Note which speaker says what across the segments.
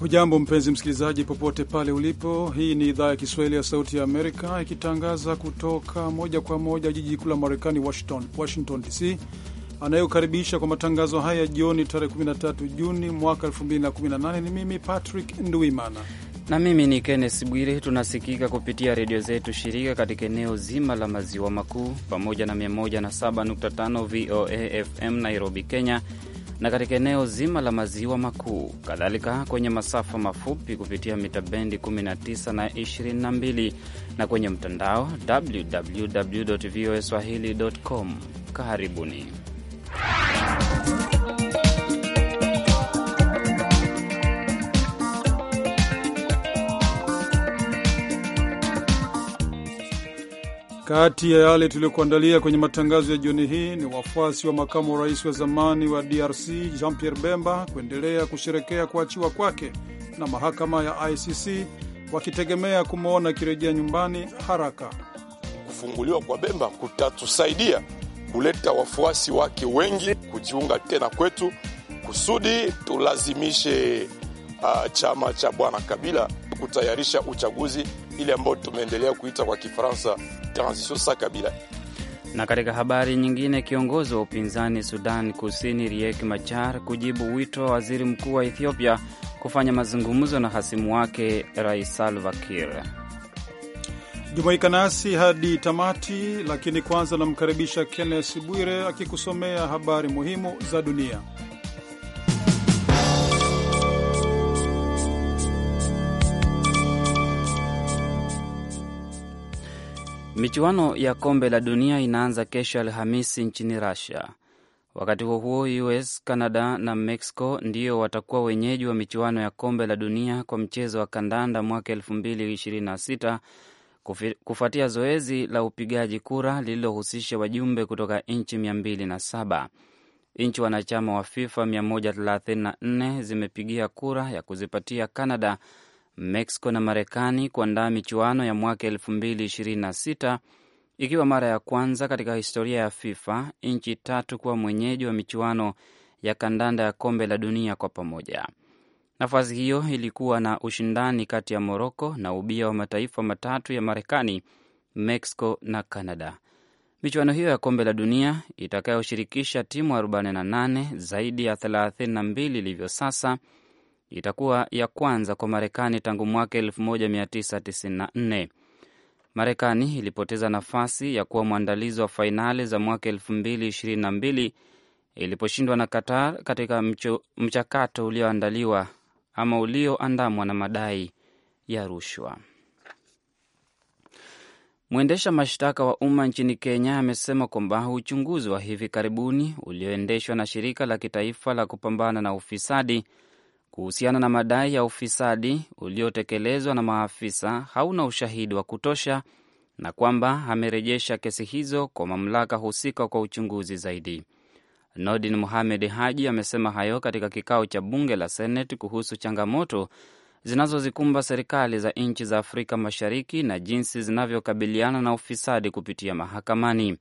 Speaker 1: Hujambo mpenzi msikilizaji, popote pale ulipo. Hii ni idhaa ya Kiswahili ya Sauti ya Amerika ikitangaza kutoka moja kwa moja jiji kuu la Marekani, Washington, Washington DC, anayokaribisha kwa matangazo haya jioni tarehe 13 Juni mwaka 2018 ni mimi Patrick Nduimana
Speaker 2: na mimi ni Kennes Bwire. Tunasikika kupitia redio zetu shirika katika eneo zima la maziwa makuu pamoja na 107.5 VOA FM Nairobi, Kenya, na katika eneo zima la maziwa makuu, kadhalika kwenye masafa mafupi kupitia mita bendi 19 na 22 na kwenye mtandao www voa swahili com. Karibuni.
Speaker 1: Kati ya yale tuliyokuandalia kwenye matangazo ya jioni hii ni wafuasi wa makamu wa rais wa zamani wa DRC Jean Pierre Bemba kuendelea kusherekea kuachiwa kwake na mahakama ya ICC wakitegemea kumwona akirejea nyumbani haraka.
Speaker 3: Kufunguliwa kwa Bemba kutatusaidia kuleta wafuasi wake wengi kujiunga tena kwetu kusudi tulazimishe uh, chama cha bwana Kabila kutayarisha uchaguzi ile ambayo tumeendelea kuita kwa Kifaransa transition sa Kabila.
Speaker 2: Na katika habari nyingine, kiongozi wa upinzani Sudan Kusini Riek Machar kujibu wito wa waziri mkuu wa Ethiopia kufanya mazungumzo na hasimu wake Rais Salva Kiir.
Speaker 1: Jumuika nasi hadi tamati, lakini kwanza namkaribisha Kennes Bwire akikusomea habari muhimu za dunia.
Speaker 2: Michuano ya kombe la dunia inaanza kesho Alhamisi nchini Russia. Wakati huo huo, US, Canada na Mexico ndio watakuwa wenyeji wa michuano ya kombe la dunia kwa mchezo wa kandanda mwaka 2026 kufuatia zoezi la upigaji kura lililohusisha wajumbe kutoka nchi 207. Nchi wanachama wa FIFA 134 zimepigia kura ya kuzipatia Canada Mexico na Marekani kuandaa michuano ya mwaka 226 ikiwa mara ya kwanza katika historia ya FIFA nchi tatu kuwa mwenyeji wa michuano ya kandanda ya kombe la dunia kwa pamoja. Nafasi hiyo ilikuwa na ushindani kati ya Moroko na ubia wa mataifa matatu ya Marekani, Mexico na Canada. Michuano hiyo ya kombe la dunia itakayoshirikisha timu 48 zaidi ya 32 ilivyo sasa itakuwa ya kwanza kwa Marekani tangu mwaka 1994. Marekani ilipoteza nafasi ya kuwa mwandalizi wa fainali za mwaka 2022 iliposhindwa na Qatar katika mcho, mchakato ulioandaliwa ama ulioandamwa na madai ya rushwa. Mwendesha mashtaka wa umma nchini Kenya amesema kwamba uchunguzi wa hivi karibuni ulioendeshwa na shirika la kitaifa la kupambana na ufisadi kuhusiana na madai ya ufisadi uliotekelezwa na maafisa hauna ushahidi wa kutosha na kwamba amerejesha kesi hizo kwa mamlaka husika kwa uchunguzi zaidi. Nordin Mohamed Haji amesema hayo katika kikao cha bunge la Seneti kuhusu changamoto zinazozikumba serikali za nchi za Afrika Mashariki na jinsi zinavyokabiliana na ufisadi kupitia mahakamani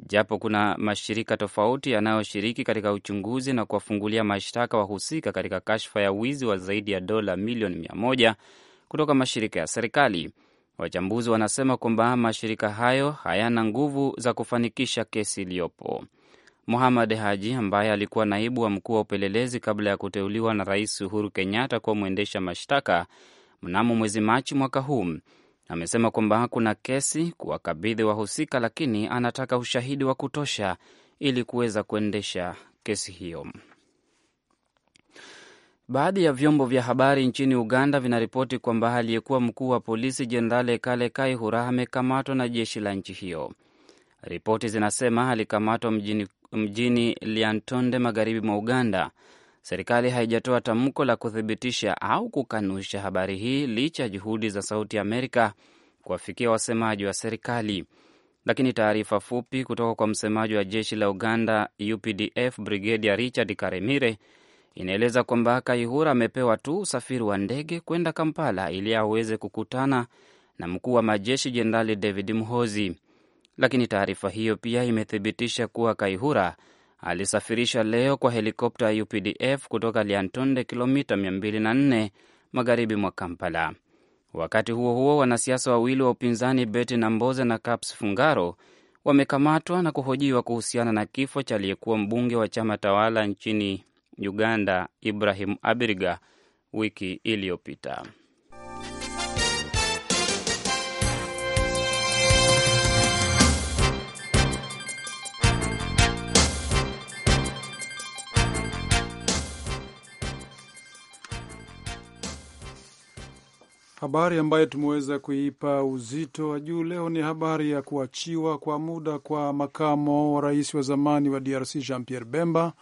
Speaker 2: japo kuna mashirika tofauti yanayoshiriki katika uchunguzi na kuwafungulia mashtaka wahusika katika kashfa ya wizi wa zaidi ya dola milioni mia moja kutoka mashirika ya serikali. Wachambuzi wanasema kwamba mashirika hayo hayana nguvu za kufanikisha kesi iliyopo. Muhamad Haji ambaye alikuwa naibu wa mkuu wa upelelezi kabla ya kuteuliwa na Rais Uhuru Kenyatta kuwa mwendesha mashtaka mnamo mwezi Machi mwaka huu Amesema kwamba kuna kesi kuwakabidhi wahusika, lakini anataka ushahidi wa kutosha ili kuweza kuendesha kesi hiyo. Baadhi ya vyombo vya habari nchini Uganda vinaripoti kwamba aliyekuwa mkuu wa polisi Jenerali Kale Kaihura amekamatwa na jeshi la nchi hiyo. Ripoti zinasema alikamatwa mjini, mjini Liantonde, magharibi mwa Uganda, Serikali haijatoa tamko la kuthibitisha au kukanusha habari hii licha ya juhudi za Sauti Amerika kuwafikia wasemaji wa serikali. Lakini taarifa fupi kutoka kwa msemaji wa jeshi la Uganda UPDF Brigedia Richard Karemire inaeleza kwamba Kaihura amepewa tu usafiri wa ndege kwenda Kampala ili aweze kukutana na mkuu wa majeshi Jenerali David Mhozi. Lakini taarifa hiyo pia imethibitisha kuwa Kaihura alisafirisha leo kwa helikopta ya UPDF kutoka Liantonde, kilomita 204 magharibi mwa Kampala. Wakati huo huo, wanasiasa wawili wa upinzani Betty Namboze na Caps Fungaro wamekamatwa na kuhojiwa kuhusiana na kifo cha aliyekuwa mbunge wa chama tawala nchini Uganda Ibrahim Abiriga wiki iliyopita.
Speaker 1: Habari ambayo tumeweza kuipa uzito wa juu leo ni habari ya kuachiwa kwa muda kwa makamo wa rais wa zamani wa DRC Jean Pierre Bemba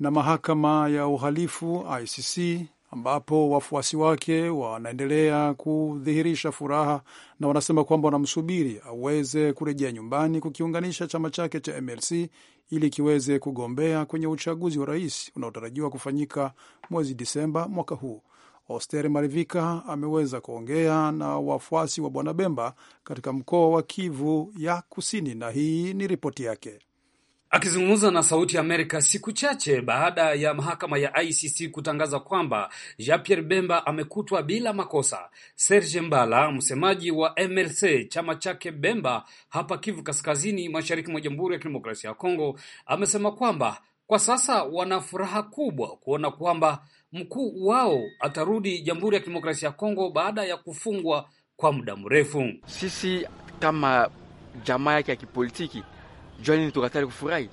Speaker 1: na mahakama ya uhalifu ICC, ambapo wafuasi wake wanaendelea kudhihirisha furaha na wanasema kwamba wanamsubiri aweze kurejea nyumbani kukiunganisha chama chake cha MLC ili kiweze kugombea kwenye uchaguzi wa rais unaotarajiwa kufanyika mwezi Disemba mwaka huu. Oster Malivika ameweza kuongea na wafuasi wa Bwana Bemba katika mkoa wa Kivu ya Kusini, na hii ni ripoti yake.
Speaker 4: Akizungumza na Sauti ya Amerika siku chache baada ya mahakama ya ICC kutangaza kwamba Jean Pierre Bemba amekutwa bila makosa, Serge Mbala, msemaji wa MLC chama chake Bemba hapa Kivu Kaskazini, mashariki mwa Jamhuri ya Kidemokrasia ya Kongo, amesema kwamba kwa sasa wana furaha kubwa kuona kwamba mkuu wao atarudi Jamhuri ya Kidemokrasia ya Kongo baada ya kufungwa kwa muda mrefu. Sisi kama jamaa yake ya kipolitiki jani tukatari kufurahi.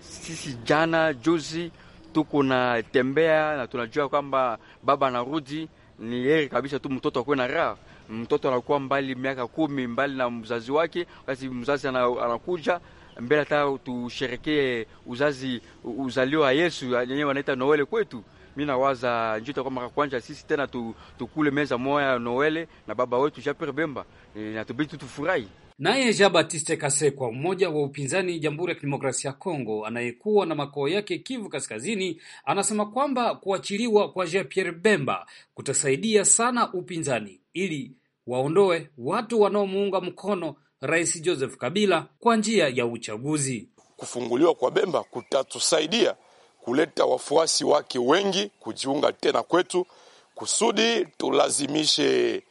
Speaker 4: Sisi jana juzi tuko na tembea na tunajua kwamba baba anarudi. Ni heri kabisa tu mtoto akuwe na raha. Mtoto anakuwa mbali miaka kumi mbali na mzazi wake, wakati mzazi anakuja mbele, hata tusherekee uzazi uzalio wa Yesu yenyewe wanaita Noele kwetu mi nawaza njuta kwa mara kwanja sisi tena tu, tukule meza moya Noele na baba wetu jean Bemba e, natubidi tutufurahi naye Jean Batiste Kasekwa, mmoja wa upinzani Jamhuri ya Kidemokrasia ya Kongo anayekuwa na makao yake Kivu Kaskazini, anasema kwamba kuachiliwa kwa Jean Pierre Bemba kutasaidia sana upinzani ili waondoe watu wanaomuunga mkono Rais
Speaker 3: Joseph Kabila kwa njia ya uchaguzi. Kufunguliwa kwa Bemba kutatusaidia kuleta wafuasi wake wengi kujiunga tena kwetu kusudi tulazimishe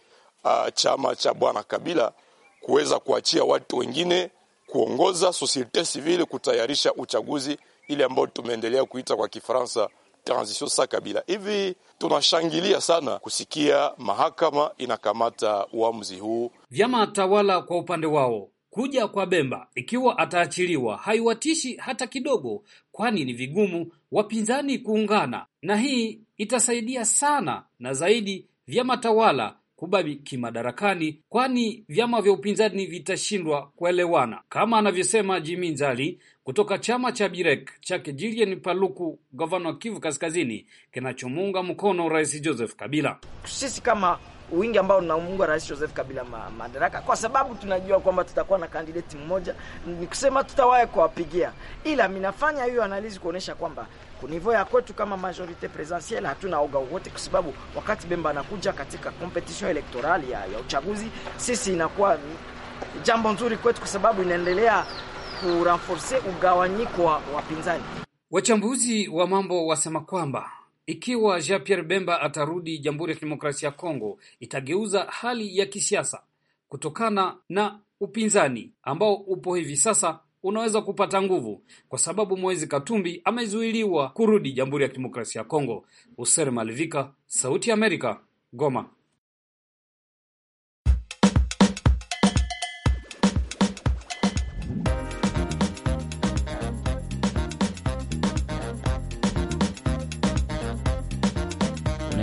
Speaker 3: uh, chama cha Bwana Kabila kuweza kuachia watu wengine kuongoza societe civile kutayarisha uchaguzi ile ambayo tumeendelea kuita kwa Kifaransa transition sa Kabila. Hivi tunashangilia sana kusikia mahakama inakamata uamuzi huu.
Speaker 4: Vyama tawala kwa upande wao Kuja kwa Bemba ikiwa ataachiliwa haiwatishi hata kidogo, kwani ni vigumu wapinzani kuungana, na hii itasaidia sana na zaidi vyama tawala kubaki madarakani, kwani vyama vya upinzani vitashindwa kuelewana, kama anavyosema Jimi Nzali kutoka chama cha Birek chake Julien Paluku, gavana wa Kivu Kaskazini, kinachomuunga mkono Rais Joseph Kabila. Sisi
Speaker 5: kama wingi ambao tunamuunga Rais Joseph Kabila ma madaraka, kwa sababu tunajua kwamba tutakuwa na kandideti mmoja, ni kusema tutawahi kuwapigia, ila minafanya hiyo analizi kuonyesha kwamba Kunivo ya kwetu kama majorite presidentielle hatuna oga wote, kwa sababu wakati Bemba anakuja katika competition electorale ya, ya uchaguzi, sisi inakuwa jambo nzuri kwetu,
Speaker 4: kwa sababu inaendelea kurenforce ugawanyiko wa wapinzani. Wachambuzi wa mambo wasema kwamba ikiwa Jean Pierre Bemba atarudi Jamhuri ya Kidemokrasia ya Kongo, itageuza hali ya kisiasa kutokana na upinzani ambao upo hivi sasa unaweza kupata nguvu, kwa sababu Moise Katumbi amezuiliwa kurudi Jamhuri ya Kidemokrasia ya Kongo. Usere Malivika, Sauti ya Amerika, Goma.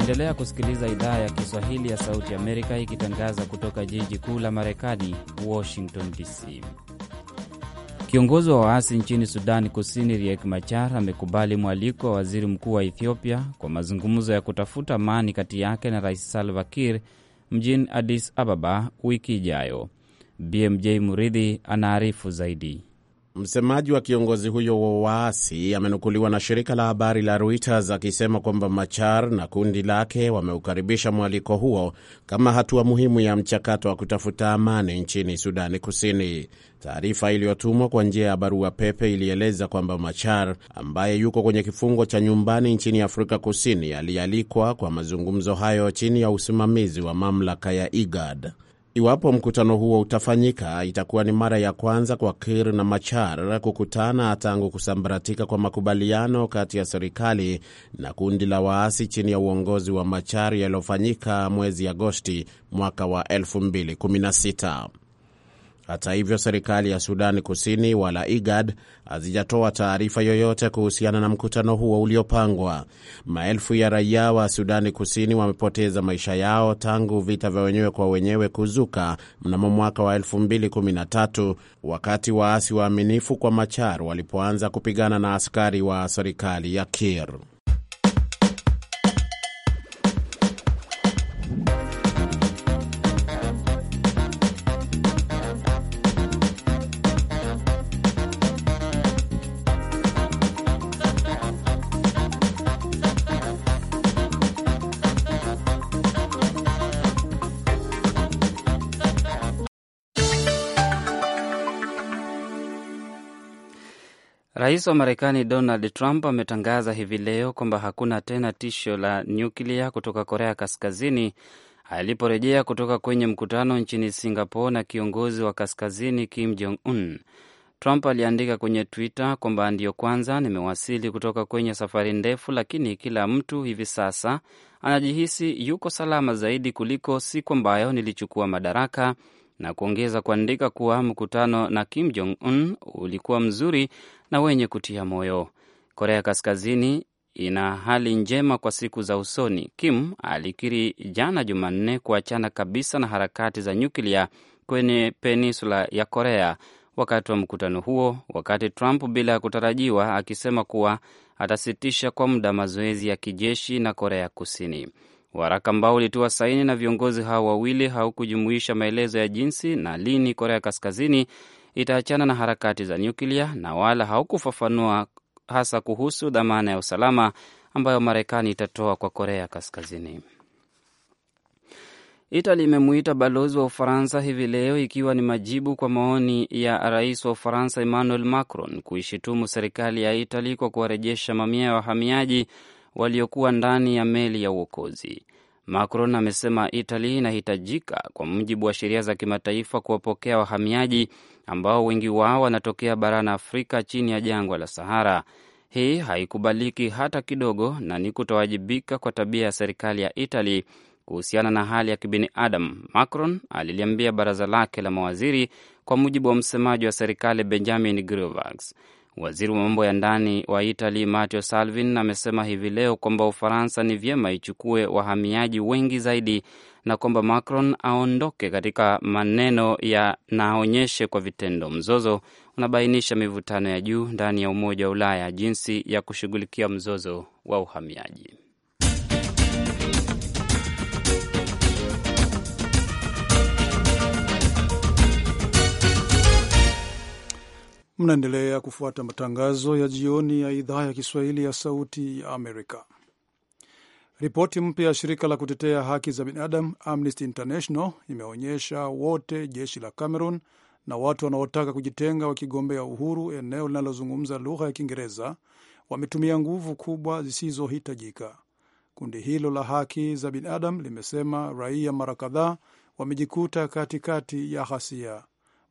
Speaker 2: Endelea kusikiliza idhaa ya Kiswahili ya Sauti Amerika ikitangaza kutoka jiji kuu la Marekani, Washington DC. Kiongozi wa waasi nchini Sudani Kusini Riek Machar amekubali mwaliko wa waziri mkuu wa Ethiopia kwa mazungumzo ya kutafuta amani kati yake na Rais Salva Kiir mjini Addis Ababa wiki ijayo. BMJ Muridhi
Speaker 6: anaarifu zaidi. Msemaji wa kiongozi huyo wa waasi amenukuliwa na shirika la habari la Reuters akisema kwamba Machar na kundi lake wameukaribisha mwaliko huo kama hatua muhimu ya mchakato wa kutafuta amani nchini Sudani Kusini. Taarifa iliyotumwa kwa njia ya barua pepe ilieleza kwamba Machar ambaye yuko kwenye kifungo cha nyumbani nchini Afrika Kusini alialikwa kwa mazungumzo hayo chini ya usimamizi wa mamlaka ya IGAD. Iwapo mkutano huo utafanyika, itakuwa ni mara ya kwanza kwa kir na Machar kukutana tangu kusambaratika kwa makubaliano kati ya serikali na kundi la waasi chini ya uongozi wa Machar yaliyofanyika mwezi Agosti mwaka wa 2016. Hata hivyo, serikali ya Sudani Kusini wala IGAD hazijatoa taarifa yoyote kuhusiana na mkutano huo uliopangwa. Maelfu ya raia wa Sudani Kusini wamepoteza maisha yao tangu vita vya wenyewe kwa wenyewe kuzuka mnamo mwaka wa 2013 wakati waasi waaminifu kwa Machar walipoanza kupigana na askari wa serikali ya Kir.
Speaker 2: Rais wa Marekani Donald Trump ametangaza hivi leo kwamba hakuna tena tisho la nyuklia kutoka Korea Kaskazini aliporejea kutoka kwenye mkutano nchini Singapore na kiongozi wa Kaskazini Kim Jong Un. Trump aliandika kwenye Twitter kwamba ndiyo kwanza nimewasili kutoka kwenye safari ndefu, lakini kila mtu hivi sasa anajihisi yuko salama zaidi kuliko siku ambayo nilichukua madaraka, na kuongeza kuandika kuwa mkutano na Kim Jong Un ulikuwa mzuri, na wenye kutia moyo. Korea Kaskazini ina hali njema kwa siku za usoni. Kim alikiri jana Jumanne kuachana kabisa na harakati za nyuklia kwenye peninsula ya Korea wakati wa mkutano huo, wakati Trump bila ya kutarajiwa akisema kuwa atasitisha kwa muda mazoezi ya kijeshi na Korea Kusini. Waraka ambao ulitiwa saini na viongozi hao wawili haukujumuisha maelezo ya jinsi na lini Korea Kaskazini itaachana na harakati za nyuklia na wala haukufafanua hasa kuhusu dhamana ya usalama ambayo Marekani itatoa kwa Korea Kaskazini. Itali imemuita balozi wa Ufaransa hivi leo ikiwa ni majibu kwa maoni ya rais wa Ufaransa Emmanuel Macron kuishitumu serikali ya Itali kwa kuwarejesha mamia ya wahamiaji waliokuwa ndani ya meli ya uokozi. Macron amesema Itali inahitajika kwa mujibu wa sheria za kimataifa kuwapokea wahamiaji ambao wengi wao wanatokea barani Afrika chini ya jangwa la Sahara. Hii haikubaliki hata kidogo na ni kutowajibika kwa tabia ya serikali ya Itali kuhusiana na hali ya kibinadamu, Macron aliliambia baraza lake la mawaziri, kwa mujibu wa msemaji wa serikali Benjamin Griveaux. Waziri wa mambo ya ndani wa Itali Matteo Salvin amesema hivi leo kwamba Ufaransa ni vyema ichukue wahamiaji wengi zaidi na kwamba Macron aondoke katika maneno ya naonyeshe kwa vitendo. Mzozo unabainisha mivutano ya juu ndani ya Umoja wa Ulaya jinsi ya kushughulikia mzozo wa uhamiaji.
Speaker 1: Mnaendelea kufuata matangazo ya jioni ya idhaa ya Kiswahili ya Sauti ya Amerika. Ripoti mpya ya shirika la kutetea haki za binadamu Amnesty International imeonyesha wote jeshi la Cameroon na watu wanaotaka kujitenga wakigombea uhuru eneo linalozungumza lugha ya Kiingereza wametumia nguvu kubwa zisizohitajika. Kundi hilo la haki za binadamu limesema raia mara kadhaa wamejikuta katikati ya ghasia.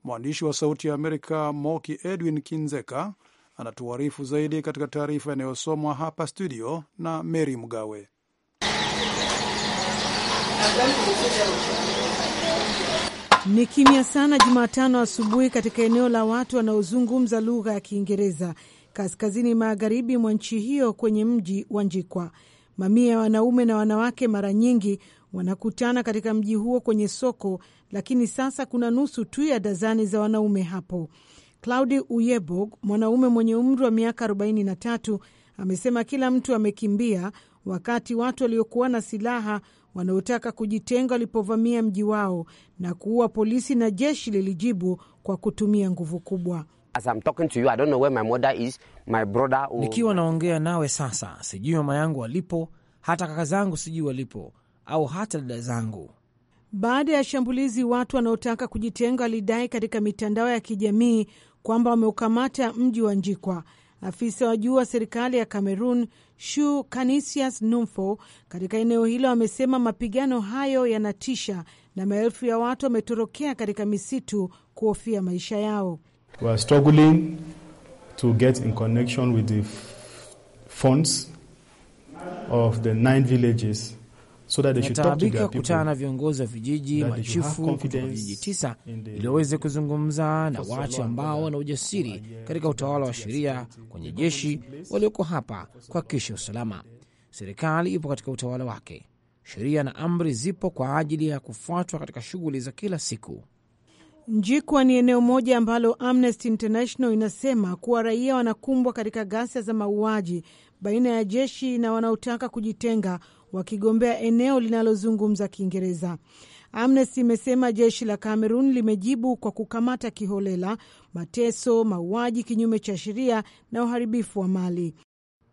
Speaker 1: Mwandishi wa Sauti ya Amerika Moki Edwin Kinzeka anatuarifu zaidi katika taarifa inayosomwa
Speaker 7: hapa studio na Mary Mgawe. Ni kimya sana Jumatano asubuhi katika eneo la watu wanaozungumza lugha ya Kiingereza kaskazini magharibi mwa nchi hiyo kwenye mji wa Njikwa. Mamia ya wanaume na wanawake mara nyingi wanakutana katika mji huo kwenye soko, lakini sasa kuna nusu tu ya dazani za wanaume hapo. Claudi Uyebog, mwanaume mwenye umri wa miaka 43, amesema kila mtu amekimbia wakati watu waliokuwa na silaha wanaotaka kujitenga walipovamia mji wao na kuua polisi, na jeshi lilijibu kwa kutumia nguvu kubwa.
Speaker 6: Nikiwa
Speaker 5: naongea nawe sasa, sijui mama yangu alipo, hata kaka zangu sijui walipo au hata dada
Speaker 4: zangu.
Speaker 7: Baada ya shambulizi, watu wanaotaka kujitenga walidai katika mitandao ya kijamii kwamba wameukamata mji wa Njikwa. Afisa wa juu wa serikali ya cameron Shu Canisius Numfo katika eneo hilo amesema mapigano hayo yanatisha na maelfu ya watu wametorokea katika misitu kuhofia maisha yao.
Speaker 4: We are struggling to get in connection with the of the nine villages So inataabika kukutana
Speaker 5: na viongozi wa vijiji machifu kutoka vijiji tisa ili waweze kuzungumza na watu ambao wana ujasiri katika utawala wa sheria kwenye jeshi walioko hapa kuhakikisha usalama. Serikali ipo katika utawala wake, sheria na amri zipo
Speaker 7: kwa ajili ya kufuatwa katika shughuli za kila siku. Njikwa ni eneo moja ambalo Amnesty International inasema kuwa raia wanakumbwa katika ghasia za mauaji baina ya jeshi na wanaotaka kujitenga wakigombea eneo linalozungumza Kiingereza. Amnesty imesema jeshi la Cameroon limejibu kwa kukamata kiholela, mateso, mauaji kinyume cha sheria na uharibifu wa mali.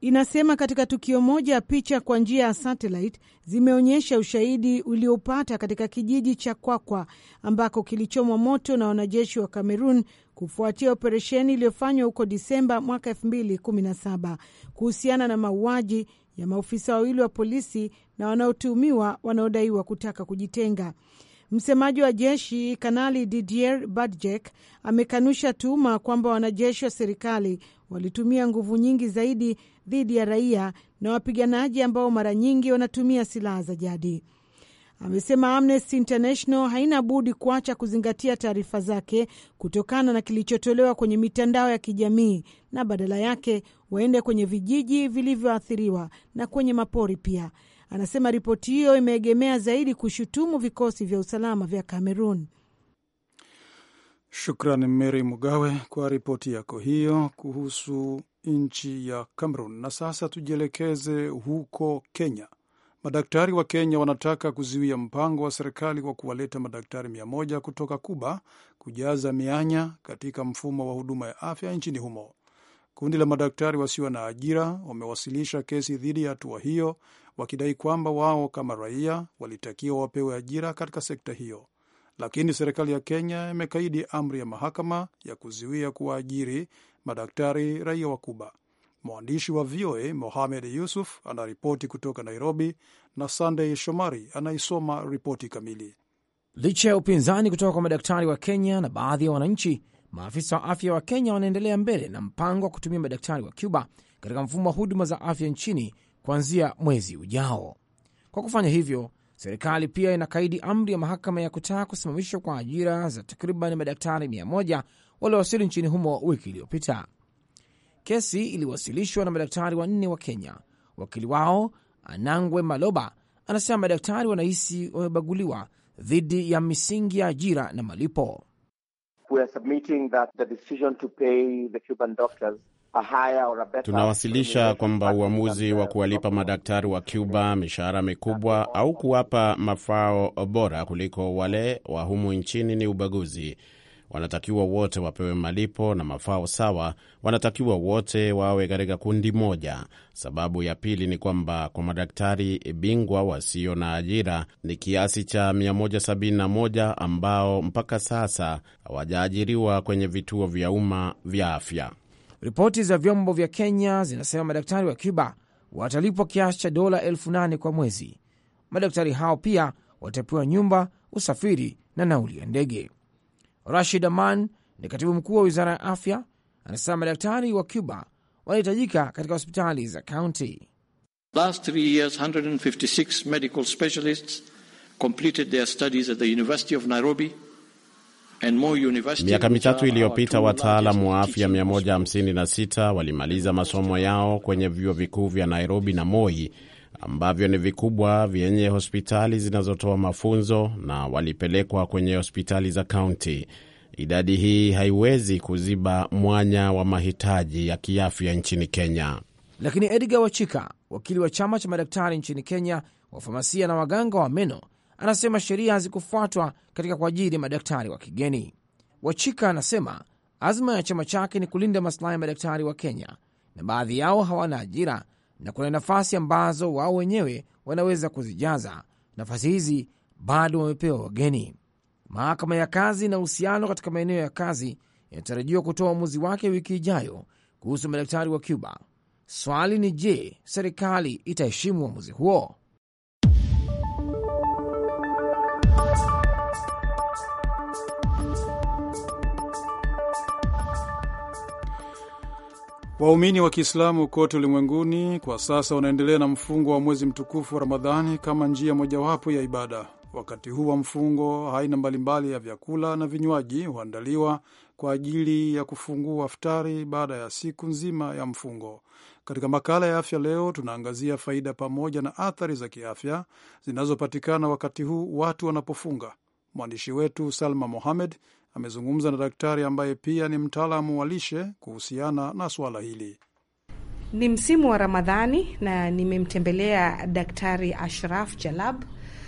Speaker 7: Inasema katika tukio moja, picha kwa njia ya satellite zimeonyesha ushahidi uliopata katika kijiji cha Kwakwa ambako kilichomwa moto na wanajeshi wa Cameroon kufuatia operesheni iliyofanywa huko Disemba mwaka 2017 kuhusiana na mauaji ya maofisa wawili wa polisi na wanaotuhumiwa wanaodaiwa kutaka kujitenga. Msemaji wa jeshi Kanali Didier Badjek amekanusha tuhuma kwamba wanajeshi wa serikali walitumia nguvu nyingi zaidi dhidi ya raia na wapiganaji ambao mara nyingi wanatumia silaha za jadi amesema Amnesty International haina budi kuacha kuzingatia taarifa zake kutokana na kilichotolewa kwenye mitandao ya kijamii na badala yake waende kwenye vijiji vilivyoathiriwa na kwenye mapori pia. Anasema ripoti hiyo imeegemea zaidi kushutumu vikosi vya usalama vya cameron
Speaker 1: Shukrani Mary Mugawe kwa ripoti yako hiyo kuhusu nchi ya cameroon Na sasa tujielekeze huko Kenya Madaktari wa Kenya wanataka kuzuia mpango wa serikali wa kuwaleta madaktari mia moja kutoka Kuba kujaza mianya katika mfumo wa huduma ya afya nchini humo. Kundi la madaktari wasio na ajira wamewasilisha kesi dhidi ya hatua hiyo, wakidai kwamba wao kama raia walitakiwa wapewe ajira katika sekta hiyo, lakini serikali ya Kenya imekaidi amri ya mahakama ya kuzuia kuwaajiri madaktari raia wa Kuba. Mwandishi wa VOA Mohamed Yusuf anaripoti kutoka Nairobi na Sandey Shomari anaisoma ripoti kamili.
Speaker 5: Licha ya upinzani kutoka kwa madaktari wa Kenya na baadhi ya wananchi, maafisa wa afya wa Kenya wanaendelea mbele na mpango wa kutumia madaktari wa Cuba katika mfumo wa huduma za afya nchini kuanzia mwezi ujao. Kwa kufanya hivyo, serikali pia inakaidi amri ya mahakama ya kutaa kusimamishwa kwa ajira za takriban madaktari 100 waliowasili nchini humo wiki iliyopita. Kesi iliwasilishwa na madaktari wanne wa Kenya. Wakili wao Anangwe Maloba anasema madaktari wanahisi wamebaguliwa dhidi ya misingi ya ajira na malipo.
Speaker 6: Tunawasilisha kwamba uamuzi wa kuwalipa madaktari wa Cuba mishahara mikubwa au kuwapa mafao bora kuliko wale wa humu nchini ni ubaguzi wanatakiwa wote wapewe malipo na mafao sawa, wanatakiwa wote wawe katika kundi moja. Sababu ya pili ni kwamba kwa madaktari bingwa wasio na ajira ni kiasi cha 171 ambao mpaka sasa hawajaajiriwa kwenye vituo vya umma vya afya.
Speaker 5: Ripoti za vyombo vya Kenya zinasema madaktari wa Cuba watalipwa kiasi cha dola elfu nane kwa mwezi. Madaktari hao pia watapewa nyumba, usafiri na nauli ya ndege. Rashid Aman ni katibu mkuu wa wizara ya afya, anasema madaktari wa Cuba wanahitajika katika hospitali za kaunti.
Speaker 1: Last three years, 156 medical specialists completed their studies at the University of Nairobi. Miaka mitatu iliyopita
Speaker 6: wataalamu wa afya 156 walimaliza masomo yao kwenye vyuo vikuu vya Nairobi na Moi ambavyo ni vikubwa vyenye hospitali zinazotoa mafunzo na walipelekwa kwenye hospitali za kaunti. Idadi hii haiwezi kuziba mwanya wa mahitaji ya kiafya nchini Kenya. Lakini Edgar
Speaker 5: Wachika, wakili wa chama cha madaktari nchini Kenya, wafamasia na waganga wa meno, anasema sheria hazikufuatwa katika kuajiri madaktari wa kigeni. Wachika anasema azma ya chama chake ni kulinda masilahi ya madaktari wa Kenya, na baadhi yao hawana ajira na kuna nafasi ambazo wao wenyewe wanaweza kuzijaza. Nafasi hizi bado wamepewa wageni. Mahakama ya Kazi na uhusiano katika maeneo ya kazi inatarajiwa kutoa uamuzi wake wiki ijayo kuhusu madaktari wa Cuba. Swali ni je, serikali itaheshimu uamuzi huo?
Speaker 1: Waumini wa Kiislamu kote ulimwenguni kwa sasa wanaendelea na mfungo wa mwezi mtukufu wa Ramadhani kama njia mojawapo ya ibada. Wakati huu wa mfungo, aina mbalimbali ya vyakula na vinywaji huandaliwa kwa ajili ya kufungua iftari baada ya siku nzima ya mfungo. Katika makala ya afya leo, tunaangazia faida pamoja na athari za kiafya zinazopatikana wakati huu watu wanapofunga. Mwandishi wetu Salma Mohamed amezungumza na daktari ambaye pia ni mtaalamu wa lishe kuhusiana na suala hili.
Speaker 8: Ni msimu wa Ramadhani na nimemtembelea Daktari Ashraf Jalab.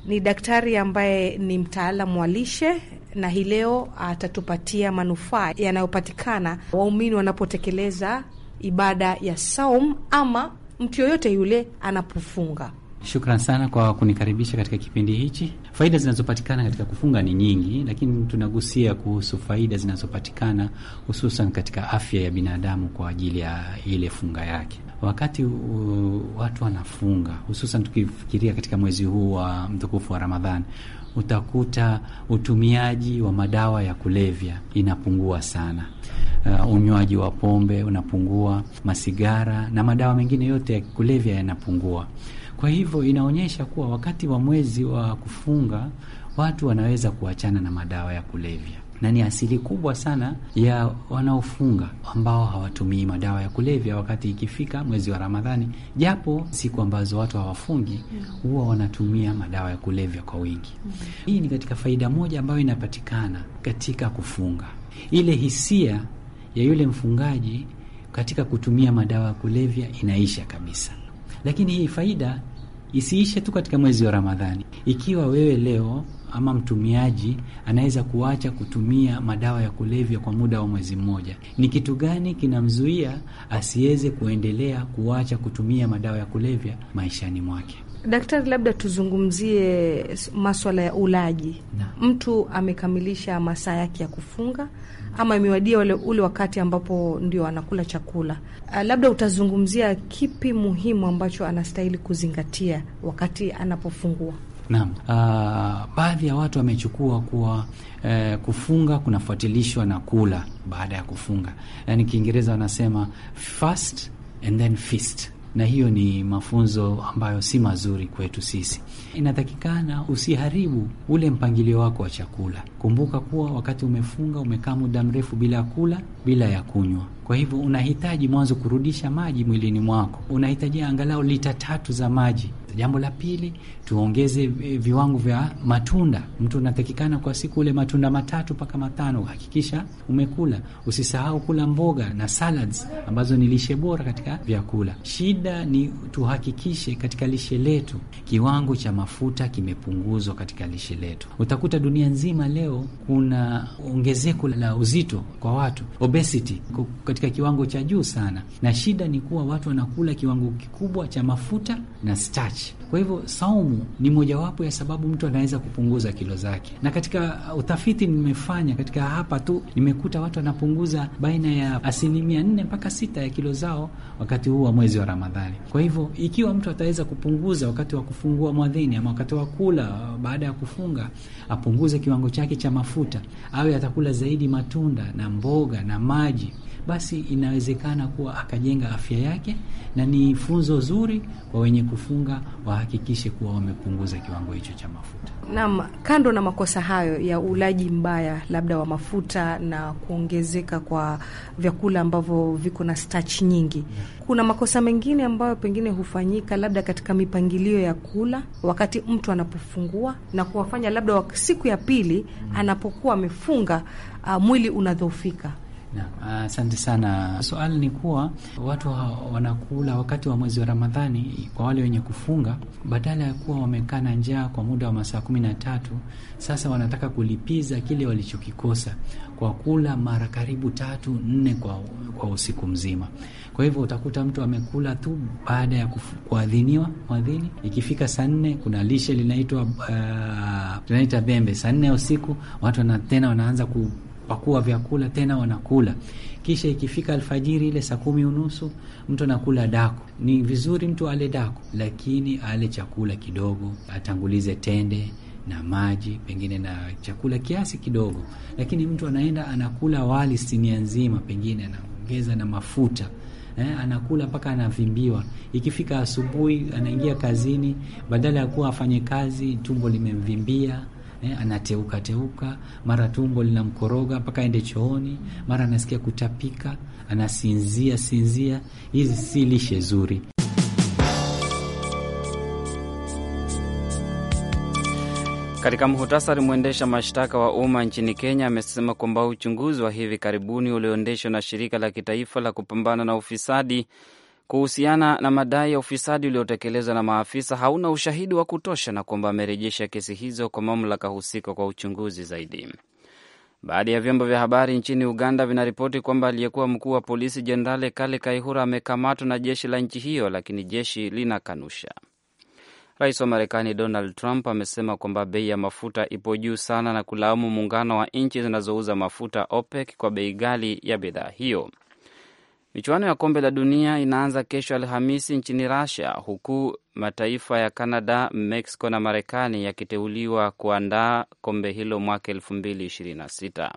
Speaker 8: Ni daktari ambaye ni mtaalamu wa lishe na hii leo atatupatia manufaa yanayopatikana waumini wanapotekeleza ibada ya saum ama mtu yoyote yule anapofunga.
Speaker 9: Shukran sana kwa kunikaribisha katika kipindi hichi. Faida zinazopatikana katika kufunga ni nyingi, lakini tunagusia kuhusu faida zinazopatikana hususan katika afya ya binadamu kwa ajili ya ile funga yake. Wakati watu wanafunga, hususan tukifikiria katika mwezi huu wa mtukufu wa Ramadhani, utakuta utumiaji wa madawa ya kulevya inapungua sana. Uh, unywaji wa pombe unapungua, masigara na madawa mengine yote ya kulevya yanapungua. Kwa hivyo inaonyesha kuwa wakati wa mwezi wa kufunga watu wanaweza kuachana na madawa ya kulevya na ni asili kubwa sana ya wanaofunga ambao hawatumii madawa ya kulevya wakati ikifika mwezi wa Ramadhani, japo siku ambazo watu hawafungi huwa wanatumia madawa ya kulevya kwa wingi. Hii ni katika faida moja ambayo inapatikana katika kufunga, ile hisia ya yule mfungaji katika kutumia madawa ya kulevya inaisha kabisa. Lakini hii faida isiishe tu katika mwezi wa Ramadhani. Ikiwa wewe leo ama mtumiaji anaweza kuacha kutumia madawa ya kulevya kwa muda wa mwezi mmoja, ni kitu gani kinamzuia asiweze kuendelea kuacha kutumia madawa ya kulevya maishani mwake?
Speaker 8: Daktari, labda tuzungumzie maswala ya ulaji na. Mtu amekamilisha masaa yake ya kufunga ama imewadia ule, ule wakati ambapo ndio anakula chakula. Ah, labda utazungumzia kipi muhimu ambacho anastahili kuzingatia wakati anapofungua?
Speaker 9: Naam, uh, baadhi ya watu wamechukua kuwa uh, kufunga kunafuatilishwa na kula baada ya kufunga, yaani Kiingereza wanasema fast and then feast na hiyo ni mafunzo ambayo si mazuri kwetu sisi. Inatakikana usiharibu ule mpangilio wako wa chakula. Kumbuka kuwa wakati umefunga, umekaa muda mrefu bila ya kula, bila ya kunywa. Kwa hivyo unahitaji mwanzo kurudisha maji mwilini mwako, unahitaji angalau lita tatu za maji Jambo la pili, tuongeze eh, viwango vya matunda. Mtu unatakikana kwa siku ule matunda matatu mpaka matano, hakikisha umekula. Usisahau kula mboga na salads ambazo ni lishe bora katika vyakula. Shida ni tuhakikishe katika lishe letu kiwango cha mafuta kimepunguzwa katika lishe letu. Utakuta dunia nzima leo kuna ongezeko la uzito kwa watu, obesity katika kiwango cha juu sana, na shida ni kuwa watu wanakula kiwango kikubwa cha mafuta na starch maisha. Kwa hivyo saumu ni mojawapo ya sababu mtu anaweza kupunguza kilo zake, na katika uh, utafiti nimefanya katika hapa tu nimekuta watu wanapunguza baina ya asilimia nne mpaka sita ya kilo zao wakati huu wa mwezi wa Ramadhani. Kwa hivyo ikiwa mtu ataweza kupunguza wakati wa kufungua mwadhini ama wakati wa kula uh, baada ya kufunga, apunguze kiwango chake cha mafuta, awe atakula zaidi matunda na mboga na maji basi inawezekana kuwa akajenga afya yake, na ni funzo zuri kwa wenye kufunga, wahakikishe kuwa wamepunguza kiwango hicho cha mafuta.
Speaker 8: Naam, kando na makosa hayo ya ulaji mbaya labda wa mafuta na kuongezeka kwa vyakula ambavyo viko na starch nyingi, kuna makosa mengine ambayo pengine hufanyika labda katika mipangilio ya kula wakati mtu anapofungua na kuwafanya labda siku ya pili anapokuwa amefunga, uh, mwili unadhoofika.
Speaker 9: Ah, asante sana. Swali ni kuwa watu wanakula wakati wa mwezi wa Ramadhani, kwa wale wenye kufunga, badala ya kuwa wamekaa na njaa kwa muda wa masaa kumi na tatu, sasa wanataka kulipiza kile walichokikosa kwa kula mara karibu tatu nne kwa, kwa usiku mzima. Kwa hivyo utakuta mtu amekula tu baada ya kuadhiniwa mwadhini, ikifika saa nne kuna lishe linaitwa uh, ah, linaita bembe. Saa nne ya usiku watu tena wanaanza wakuwa vyakula tena wanakula. Kisha ikifika alfajiri ile saa kumi unusu mtu anakula dako. Ni vizuri mtu ale dako, lakini ale chakula kidogo, atangulize tende na maji pengine na chakula kiasi kidogo. Lakini mtu anaenda anakula wali sinia nzima, pengine anaongeza na mafuta eh, anakula mpaka anavimbiwa. Ikifika asubuhi, anaingia kazini, badala ya kuwa afanye kazi, tumbo limemvimbia eh, anateuka teuka, mara tumbo linamkoroga mpaka aende chooni, mara anasikia kutapika, anasinzia sinzia. Hizi si lishe zuri.
Speaker 2: Katika muhtasari, mwendesha mashtaka wa umma nchini Kenya amesema kwamba uchunguzi wa hivi karibuni ulioendeshwa na shirika la kitaifa la kupambana na ufisadi kuhusiana na madai ya ufisadi uliotekelezwa na maafisa hauna ushahidi wa kutosha na kwamba amerejesha kesi hizo kwa mamlaka husika kwa uchunguzi zaidi. Baadhi ya vyombo vya habari nchini Uganda vinaripoti kwamba aliyekuwa mkuu wa polisi Jenerali Kale Kaihura amekamatwa na jeshi la nchi hiyo, lakini jeshi linakanusha. Rais wa Marekani Donald Trump amesema kwamba bei ya mafuta ipo juu sana na kulaumu muungano wa nchi zinazouza mafuta OPEC kwa bei ghali ya bidhaa hiyo. Michuano ya kombe la dunia inaanza kesho Alhamisi nchini Russia, huku mataifa ya Canada, Mexico na Marekani yakiteuliwa kuandaa kombe hilo mwaka 226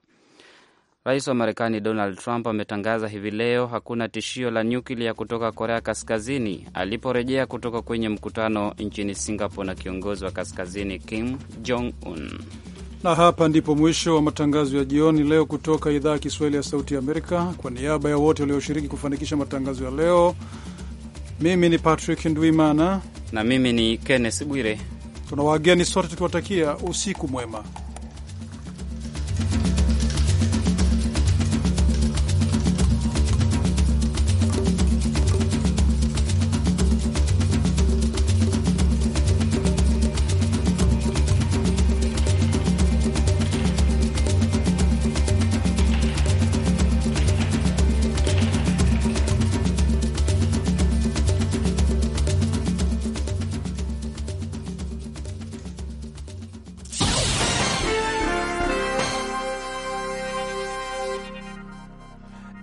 Speaker 2: Rais wa Marekani Donald Trump ametangaza hivi leo hakuna tishio la nyuklia kutoka Korea Kaskazini aliporejea kutoka kwenye mkutano nchini Singapore na kiongozi wa Kaskazini Kim Jong Un.
Speaker 1: Na hapa ndipo mwisho wa matangazo ya jioni leo kutoka idhaa ya Kiswahili ya Sauti ya Amerika. Kwa niaba ya wote walioshiriki kufanikisha matangazo ya leo, mimi ni Patrick Ndwimana
Speaker 2: na mimi ni Kenneth Bwire,
Speaker 1: tuna wageni sote tukiwatakia usiku mwema.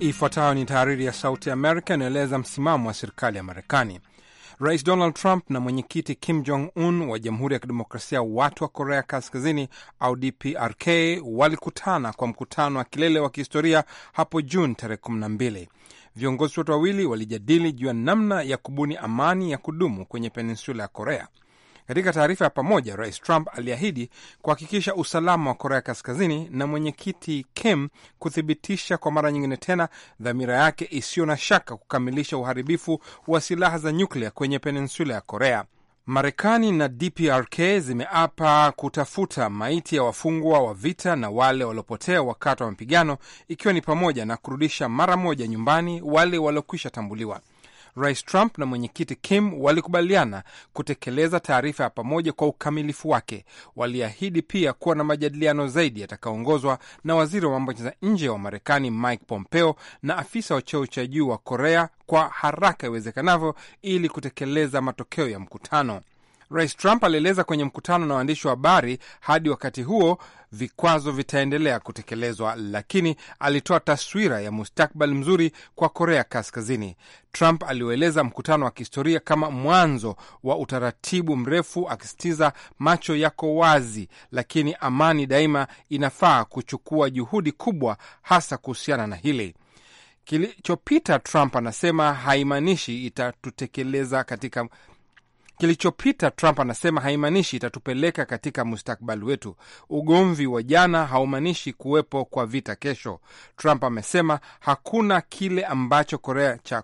Speaker 3: Ifuatayo ni tahariri ya Sauti Amerika inaeleza msimamo wa serikali ya Marekani. Rais Donald Trump na mwenyekiti Kim Jong Un wa Jamhuri ya Kidemokrasia ya Watu wa Korea Kaskazini au DPRK walikutana kwa mkutano wa kilele wa kihistoria hapo Juni tarehe 12. Viongozi wote wawili walijadili juu ya namna ya kubuni amani ya kudumu kwenye peninsula ya Korea. Katika taarifa ya pamoja, Rais Trump aliahidi kuhakikisha usalama wa Korea Kaskazini na mwenyekiti Kim kuthibitisha kwa mara nyingine tena dhamira yake isiyo na shaka kukamilisha uharibifu wa silaha za nyuklia kwenye peninsula ya Korea. Marekani na DPRK zimeapa kutafuta maiti ya wafungwa wa vita na wale waliopotea wakati wa mapigano, ikiwa ni pamoja na kurudisha mara moja nyumbani wale waliokwisha tambuliwa. Rais Trump na mwenyekiti Kim walikubaliana kutekeleza taarifa ya pamoja kwa ukamilifu wake. Waliahidi pia kuwa na majadiliano zaidi yatakaoongozwa na waziri wa mambo za nje wa Marekani Mike Pompeo na afisa wa cheo cha juu wa Korea kwa haraka iwezekanavyo ili kutekeleza matokeo ya mkutano. Rais Trump alieleza kwenye mkutano na waandishi wa habari, hadi wakati huo vikwazo vitaendelea kutekelezwa, lakini alitoa taswira ya mustakbali mzuri kwa Korea Kaskazini. Trump aliueleza mkutano wa kihistoria kama mwanzo wa utaratibu mrefu, akisitiza macho yako wazi, lakini amani daima inafaa kuchukua juhudi kubwa, hasa kuhusiana na hili kilichopita. Trump anasema haimaanishi itatutekeleza katika Kilichopita, Trump anasema, haimaanishi itatupeleka katika mustakbali wetu. Ugomvi wa jana haumaanishi kuwepo kwa vita kesho. Trump amesema hakuna kile ambacho Korea cha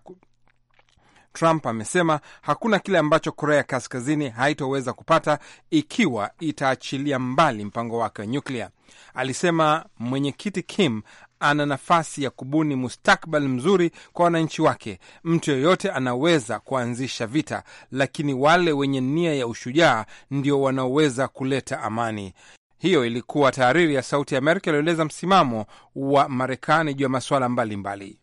Speaker 3: Trump amesema hakuna kile ambacho Korea Kaskazini haitoweza kupata ikiwa itaachilia mbali mpango wake wa nyuklia. Alisema mwenyekiti Kim ana nafasi ya kubuni mustakbal mzuri kwa wananchi wake. Mtu yeyote anaweza kuanzisha vita, lakini wale wenye nia ya ushujaa ndio wanaoweza kuleta amani. Hiyo ilikuwa tahariri ya Sauti ya Amerika iliyoeleza msimamo wa Marekani juu ya masuala mbalimbali.